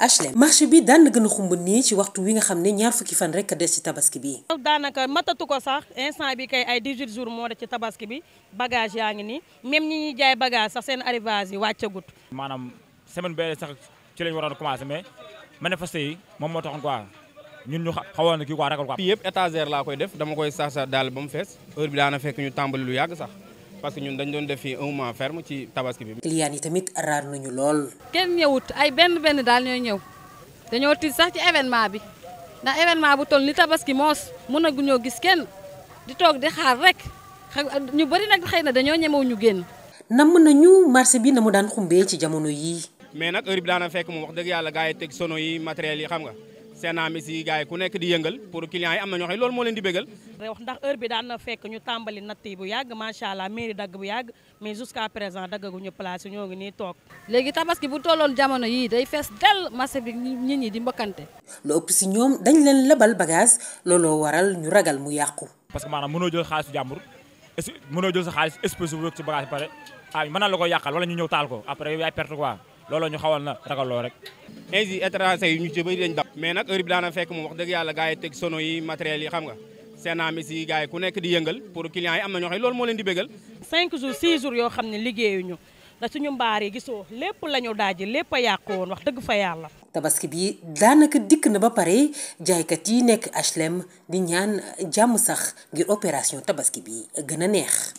HLM marché bi daan na gën a xumb nii ci waxtu wi nga xam ne ñaar fukki fan rek a des ci tabaski bi. daanaka matatu ko sax instant bi kay ay 18 jours moo des ci tabaski bi bagage yaa ngi nii même ñi ñuy jaay bagage sax seen arrivage yi wàccagut. maanaam semaine bee sax ci lañ waroon commencé mais manifesté yi moom moo taxoon quoi ñun ñu xawoon kii quoi ragal quoi. fii yëpp étagère laa koy def dama koy sax sax daal ba mu fees heure bi daana fekk ñu tàmbali lu yàgg sax. parce que ñun dañ doon defee fii un mois ferme ci tabaski bi. client yi tamit raar nañu lool. kenn ñëwut ay benn benn daal ñoo ñëw dañoo tiit sax ci événement bi ndax événement bu toll ni tabaski moos mun ñoo gis kenn di toog di xaar rek ñu bëri nag xëy na dañoo ñemew ñu génn. namm nañu marché bi na mu daan xumbee ci jamono yii. mais nag heure bi daana fekk moom wax dëgg yàlla gaa yi teg sono yi matériel yi xam nga. seenaam si gars yi ku nekk di yëngal pour clients yi am na ñoo xam loolu moo leen di bégal ndax heure bi daan fekk ñu tàmbali natt yi bu yàgg macha allah mairie dagg bu yàgg mais jusqu'à présent daggaguñu place ñoo ngi yii day fees del marché bi nit ñi di mbëkkante lu ëpp si ñoom dañ leen lebal bagage looloo waral ñu ragal mu yàqu parce que maanaam mënoo jël xaalisu jàmbur mënoo jël sa xaalis espèce bu ci pare ah mën na la yàqal wala ñu ñëw taal ko après yow yaay insi étranger yi ñu ci bëri dañ daw mais nag heure bi daana fekk moom wax dëgg yàlla gars yi teg sono yi matériel yi xam nga seenaami si gars yi ku nekk di yëngal pour clients yi am na ñoo xam loolu moo leen di bégal cinq jours six jours yoo xam ne liggéeyuñu da suñu mbaar yi gisoo lépp la ñu daaji lépp a yàqu woon wax dëgg fa yàlla tabaski bi daanaka dikk na ba pare jaaykat yi nekk HLM di ñaan jàmm sax ngir opération tabaski bi gën a neex